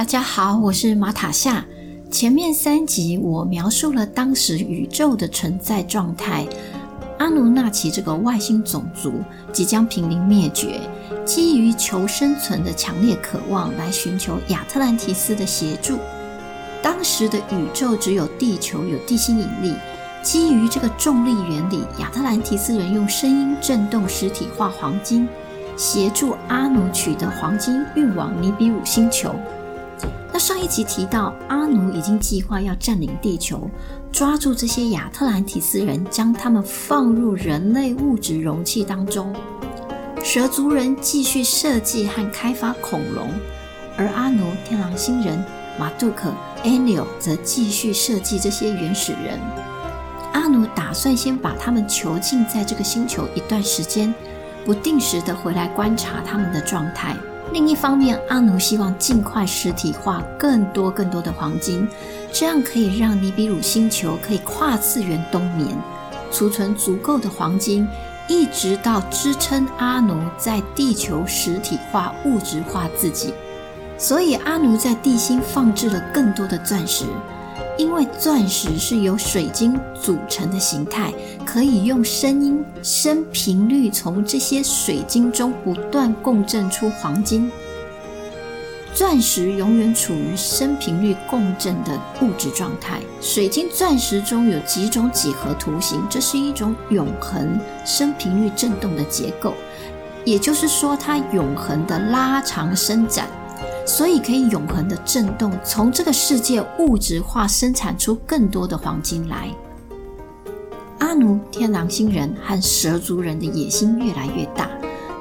大家好，我是馬塔夏。前面三集我描述了當時宇宙的存在狀態，阿努納奇這個外星種族即將瀕臨滅絕，基於求生存的強烈渴望來尋求亞特蘭提斯的協助。當時的宇宙只有地球有地心引力，基於這個重力原理，亞特蘭提斯人用聲音震動實體化黃金，協助阿努取得黃金運往尼比魯星球。上一集提到，阿努已經計劃要佔領地球，抓住這些亞特蘭提斯人，將他們放入人類物質容器當中。蛇族人繼續設計和開發恐龍，而阿努、天狼星人、馬杜克、Anio 則繼續設計這些原始人。阿努打算先把他們囚禁在這個星球一段時間，不定時的回來觀察他們的狀態。另一方面，阿努希望盡快實體化更多更多的黃金，這樣可以讓尼比魯星球可以跨次元冬眠，儲存足夠的黃金，一直到支撐阿努在地球實體化物質化自己。所以，阿努在地心放置了更多的鑽石。因為鑽石是由水晶組成的形態，可以用聲音、聲頻率從這些水晶中不斷共振出黃金。鑽石永遠處於聲頻率共振的物質狀態。水晶、鑽石中有幾種幾何圖形，這是一種永恆聲頻率振動的結構，也就是說，它永恆的拉長、伸展。所以可以永恆的震動，從這個世界物質化生產出更多的黃金來。阿努、天狼星人和蛇族人的野心越來越大，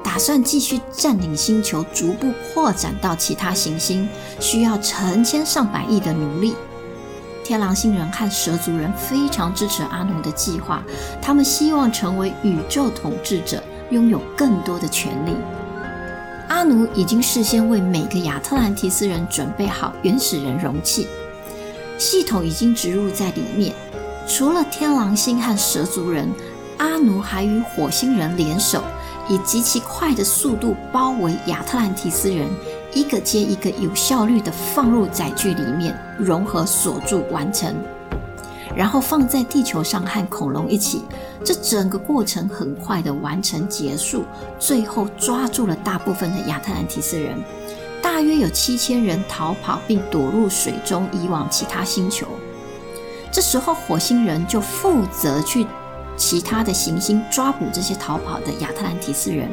打算繼續佔領星球，逐步擴展到其他行星，需要成千上百億的奴隸。天狼星人和蛇族人非常支持阿努的計劃，他們希望成為宇宙統治者，擁有更多的權力。阿努已經事先為每個亞特蘭提斯人準備好原始人容器，系統已經植入在裡面。除了天狼星和蛇族人，阿努還與火星人聯手，以極其快的速度包圍亞特蘭提斯人，一個接一個，有效率地放入載具裡面，融合鎖住完成。然後放在地球上和恐龍一起，這整個過程很快地完成結束，最後抓住了大部分的亞特蘭提斯人，大約有七千人逃跑並躲入水中移往其他星球。這時候火星人就負責去其他的行星抓捕這些逃跑的亞特蘭提斯人。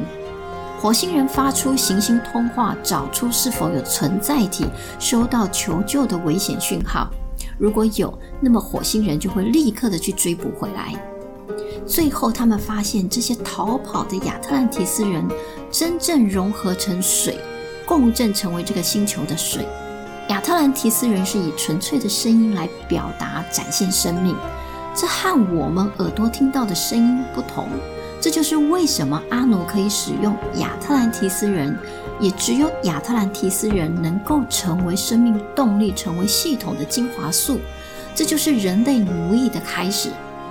火星人發出行星通話，找出是否有存在體收到求救的危險訊號。如果有，那麼火星人就會立刻的去追捕回來。最後，他們發現這些逃跑的亞特蘭提斯人真正融合成水，共振成為這個星球的水。亞特蘭提斯人是以純粹的聲音來表達展現生命，這和我們耳朵聽到的聲音不同。這就是為什麼阿努可以使用亞特蘭提斯人，也只有亞特蘭提斯人能夠成為生命動力，成為系統的精華素。這就是人類奴役的開始。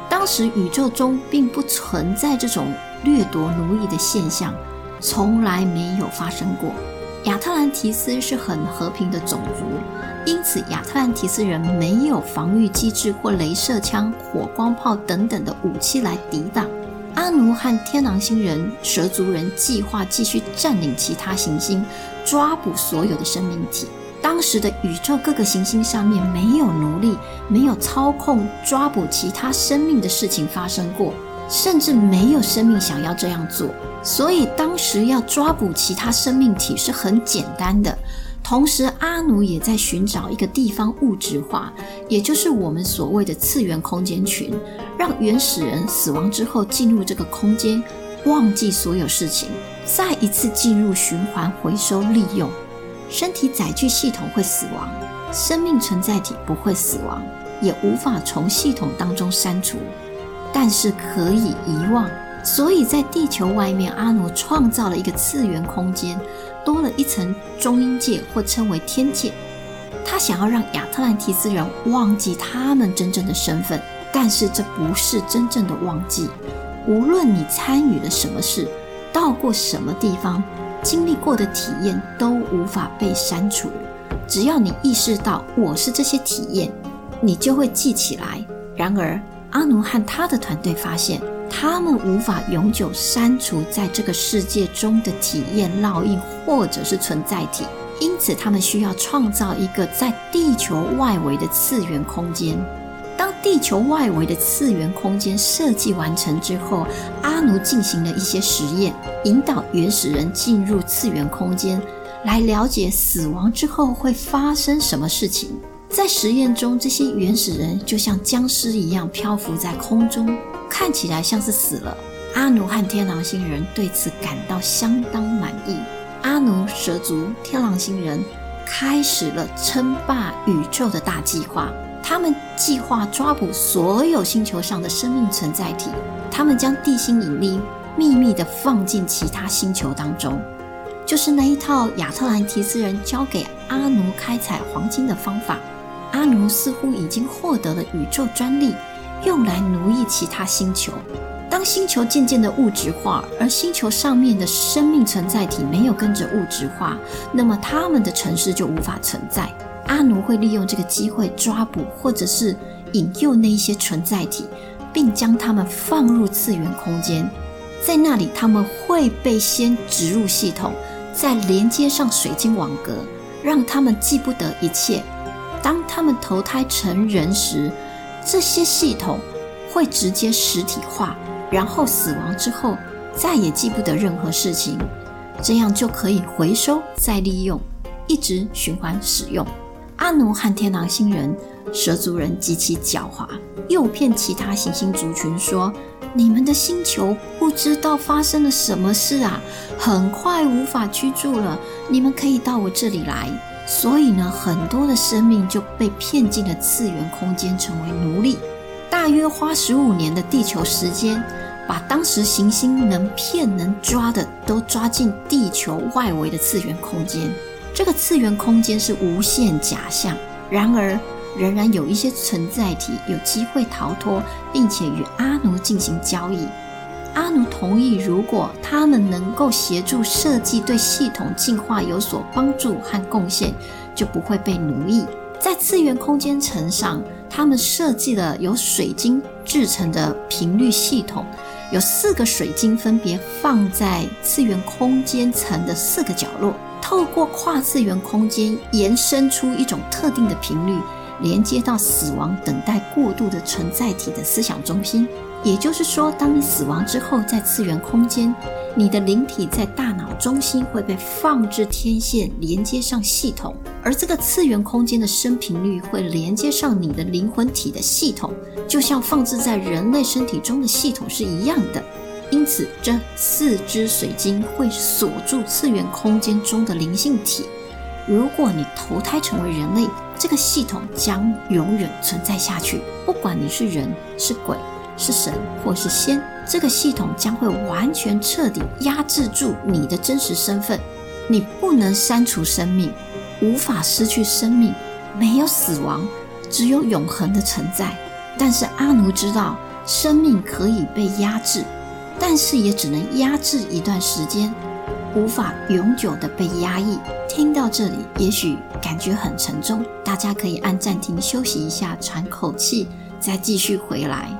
當時宇宙中並不存在這種掠奪奴役的現象，從來沒有發生過。亞特蘭提斯是很和平的種族，因此亞特蘭提斯人沒有防御機制或鐳射槍、火光炮等等的武器來抵擋。阿努和天狼星人、蛇族人計劃繼續佔領其他行星，抓捕所有的生命體。當時的宇宙各個行星上面沒有奴隸，沒有操控抓捕其他生命的事情發生過，甚至沒有生命想要這樣做。所以當時要抓捕其他生命體是很簡單的。同時，阿努也在尋找一個地方物質化，也就是我們所謂的次元空間群，讓原始人死亡之後進入這個空間，忘記所有事情，再一次進入循環回收利用。身體載具系統會死亡，生命存在體不會死亡，也無法從系統當中刪除，但是可以遺忘。所以在地球外面，阿努創造了一個次元空間，多了一層中陰界，或稱為天界。他想要讓亞特蘭提斯人忘記他們真正的身份，但是這不是真正的忘記。無論你參與了什麼事，到過什麼地方，經歷過的體驗都無法被刪除。只要你意識到我是這些體驗，你就會記起來。然而，阿努和他的團隊發現，他們無法永久刪除在這個世界中的體驗烙印，或者是存在體，因此他們需要創造一個在地球外圍的次元空間。當地球外圍的次元空間設計完成之後，阿努進行了一些實驗，引導原始人進入次元空間，來了解死亡之後會發生什麼事情。在實驗中，這些原始人就像僵屍一樣漂浮在空中，看起來像是死了。阿努和天狼星人對此感到相當滿意。阿努、蛇族、天狼星人開始了稱霸宇宙的大計劃。他們計劃抓捕所有星球上的生命存在體。他們將地心引力秘密地放進其他星球當中，就是那一套亞特蘭提斯人教給阿努開採黃金的方法。阿努似乎已經獲得了宇宙專利，用來奴役其他星球。當星球漸漸的物質化，而星球上面的生命存在體沒有跟着物質化，那麼他們的城市就無法存在。阿努會利用這個機會抓捕或者是引誘那一些存在體，並將他們放入次元空間，在那裡他們會被先植入系統，再連接上水晶網格，讓他們記不得一切。當他們投胎成人時，這些系統會直接實體化，然後死亡之後再也記不得任何事情，這樣就可以回收再利用，一直循環使用。阿努和天狼星人、蛇族人極其狡猾，誘騙其他行星族群說：“你們的星球不知道發生了什麼事啊，很快無法居住了，你們可以到我這裡來。”所以呢，很多的生命就被騙進了次元空間，成為奴隸。大約花十五年的地球時間，把當時行星能騙能抓的都抓進地球外圍的次元空間。這個次元空間是無限假象，然而仍然有一些存在體有機會逃脫，並且與阿努進行交易。阿努同意，如果他們能夠協助設計對系統進化有所幫助和貢獻，就不會被奴役。在次元空間層上，他們設計了由水晶製成的頻率系統，有四個水晶分別放在次元空間層的四個角落，透過跨次元空間延伸出一種特定的頻率。連接到死亡等待過渡的存在體的思想中心，也就是說，當你死亡之後，在次元空間，你的靈體在大腦中心會被放置天線，連接上系統，而這個次元空間的聲頻率會連接上你的靈魂體的系統，就像放置在人類身體中的系統是一樣的。因此，這四支水晶會鎖住次元空間中的靈性體。如果你投胎成為人類，這個系統將永遠存在下去。不管你是人、是鬼、是神或是仙，這個系統將會完全徹底壓制住你的真實身份。你不能刪除生命，無法失去生命，沒有死亡，只有永恆的存在。但是阿努知道，生命可以被壓制，但是也只能壓制一段時間，無法永久地被壓抑。聽到這裡，也許感覺很沉重，大家可以按暫停休息一下，喘口氣，再繼續回來。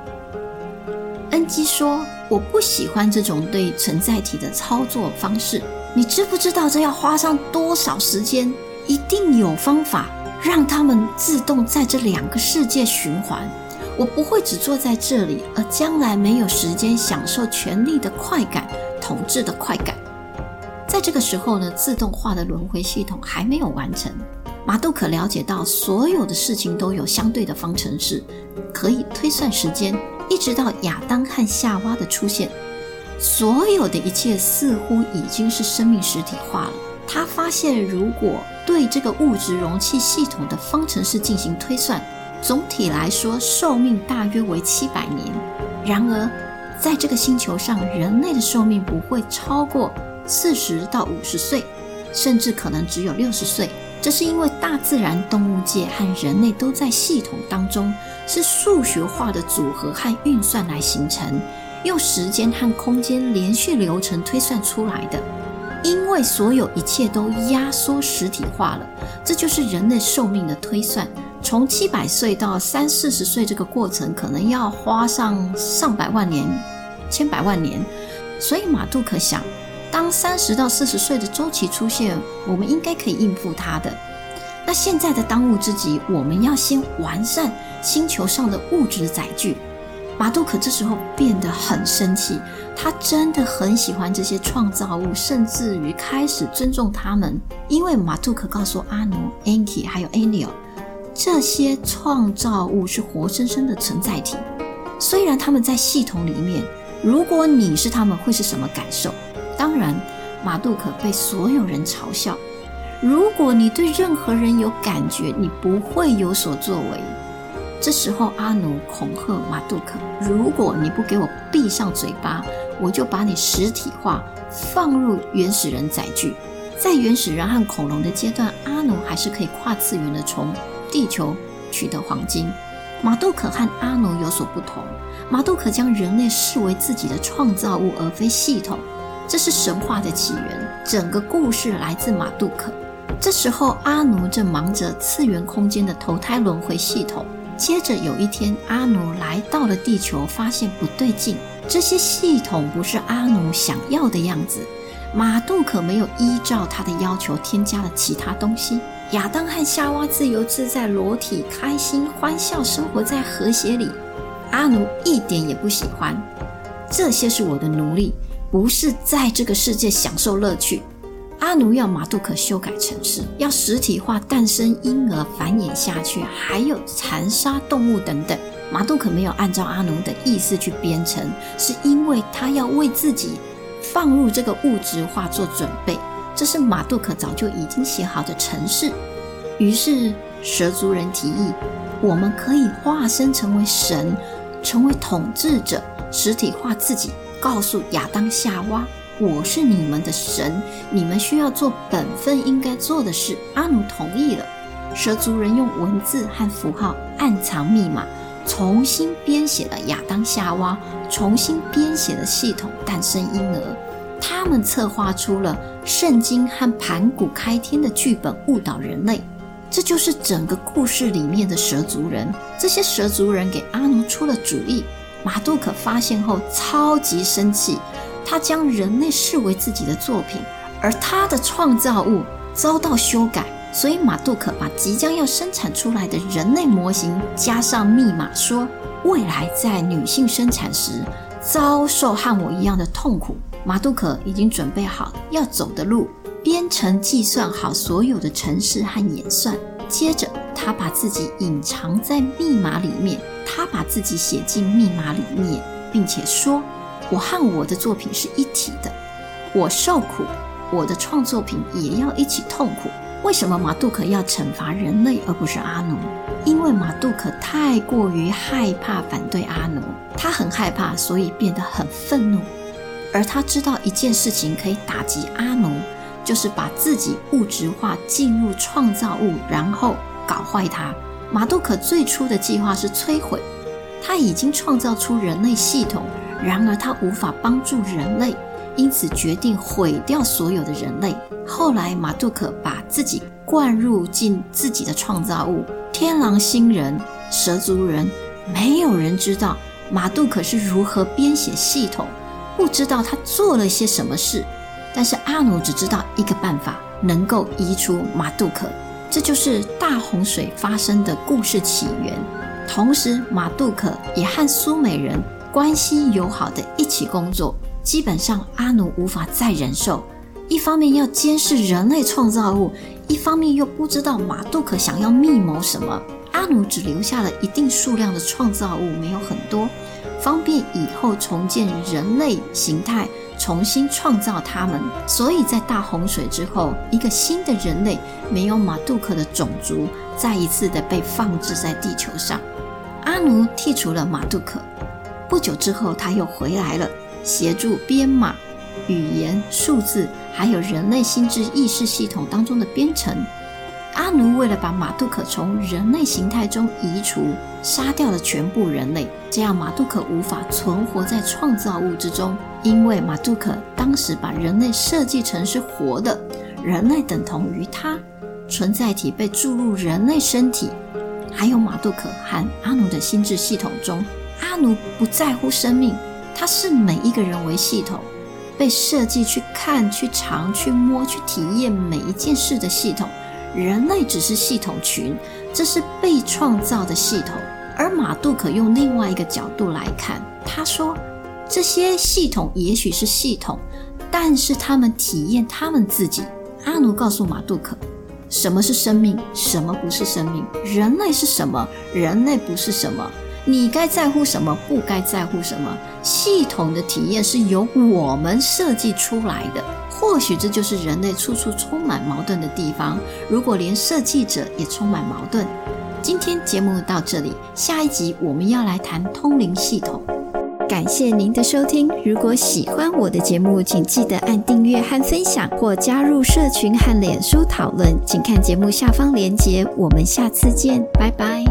恩基說：“我不喜歡這種對存在體的操作方式。你知不知道這要花上多少時間？一定有方法讓他們自動在這兩個世界循環。我不會只坐在這裡，而將來沒有時間享受權力的快感、統治的快感。”在這個時候呢，自動化的輪回系統還沒有完成。馬杜克了解到，所有的事情都有相對的方程式，可以推算時間，一直到亞當和夏娃的出現。所有的一切似乎已經是生命實體化了。他發現，如果對這個物質容器系統的方程式進行推算，總體來說壽命大約為七百年。然而，在這個星球上，人類的壽命不會超過。四十到五十歲，甚至可能只有六十歲，這是因為大自然、動物界和人類都在系統當中，是數學化的組合和運算來形成，用時間和空間連續流程推算出來的。因為所有一切都壓縮實體化了，這就是人類壽命的推算。從七百歲到三四十歲，這個過程可能要花上上百萬年、千百萬年。所以馬杜克想。當三十到四十歲的週期出現，我們應該可以應付它的。那現在的當務之急，我們要先完善星球上的物質載具。馬杜克這時候變得很生氣，他真的很喜歡這些創造物，甚至於開始尊重他們，因為馬杜克告訴阿努、Anki 還有 Aniel，這些創造物是活生生的存在體。雖然他們在系統裡面，如果你是他們會是什麼感受？當然，馬杜克被所有人嘲笑。如果你對任何人有感覺，你不會有所作為。這時候，阿努恐嚇馬杜克：“如果你不給我閉上嘴巴，我就把你實體化，放入原始人載具。”在原始人和恐龍的階段，阿努還是可以跨次元的從地球取得黃金。馬杜克和阿努有所不同，馬杜克將人類視為自己的創造物，而非系統。這是神話的起源，整個故事來自馬杜克。這時候，阿努正忙着次元空間的投胎輪回系統。接着有一天，阿努來到了地球，發現不對勁，這些系統不是阿努想要的樣子。馬杜克沒有依照他的要求添加了其他東西。亞當和夏娃自由自在、裸體、開心、歡笑，生活在和諧裡。阿努一點也不喜歡。這些是我的奴隸。不是在這個世界享受樂趣。阿努要馬杜克修改程式，要實體化誕生嬰兒繁衍下去，還有殘殺動物等等。馬杜克沒有按照阿努的意思去編程，是因為他要為自己放入這個物質化做準備。這是馬杜克早就已經寫好的程式。於是蛇族人提議：我們可以化身成為神，成為統治者，實體化自己。告訴亞當夏娃，我是你們的神，你們需要做本分應該做的事。阿努同意了。蛇族人用文字和符號暗藏密碼，重新編寫了亞當夏娃，重新編寫了系統誕生嬰兒。他們策劃出了聖經和盤古開天的劇本，誤導人類。這就是整個故事裡面的蛇族人。這些蛇族人給阿努出了主意。馬杜克發現後超級生氣，他將人類視為自己的作品，而他的創造物遭到修改，所以馬杜克把即將要生產出來的人類模型加上密碼說，說未來在女性生產時遭受和我一樣的痛苦。馬杜克已經準備好要走的路，編程計算好所有的程式和演算。接着，他把自己隱藏在密碼裡面。他把自己寫進密碼裡面，並且說：“我和我的作品是一體的。我受苦，我的創作品也要一起痛苦。”為什麼馬杜克要懲罰人類而不是阿努？因為馬杜克太過於害怕反對阿努，他很害怕，所以變得很憤怒。而他知道一件事情可以打擊阿努。就是把自己物質化進入創造物，然後搞壞它。馬杜克最初的計劃是摧毀，他已經創造出人類系統，然而他無法幫助人類，因此決定毀掉所有的人類。後來馬杜克把自己灌入進自己的創造物——天狼星人、蛇族人，沒有人知道馬杜克是如何編寫系統，不知道他做了些什麼事。但是阿努只知道一個辦法能夠移除馬杜克，這就是大洪水發生的故事起源。同時，馬杜克也和蘇美人關係友好的一起工作。基本上，阿努無法再忍受，一方面要監視人類創造物，一方面又不知道馬杜克想要密謀什麼。阿努只留下了一定數量的創造物，沒有很多，方便以後重建人類形態。重新創造他們，所以在大洪水之後，一個新的人類，沒有馬杜克的種族再一次的被放置在地球上。阿努剔除了馬杜克，不久之後他又回來了，協助編碼、語言、數字，還有人類心智意識系統當中的編程。阿努為了把馬杜克從人類形態中移除，殺掉了全部人類，這樣馬杜克無法存活在創造物之中。因為馬杜克當時把人類設計成是活的，人類等同於他存在體被注入人類身體。還有馬杜克和阿努的心智系統中，阿努不在乎生命，他視每一個人為系統，被設計去看、去嘗、去摸、去體驗每一件事的系統。人類只是系統群，這是被創造的系統。而馬杜克用另外一個角度來看，他說：這些系統也許是系統，但是他們體驗他們自己。阿努告訴馬杜克：什麼是生命，什麼不是生命？人類是什麼？人類不是什麼？你該在乎什麼？不該在乎什麼？系統的體驗是由我們設計出來的。或許這就是人類處處充滿矛盾的地方，如果連設計者也充滿矛盾，今天節目到這裡，下一集我們要來談通靈系統。感謝您的收聽，如果喜歡我的節目，請記得按訂閱和分享，或加入社群和臉書討論，請看節目下方連結。我們下次見，拜拜。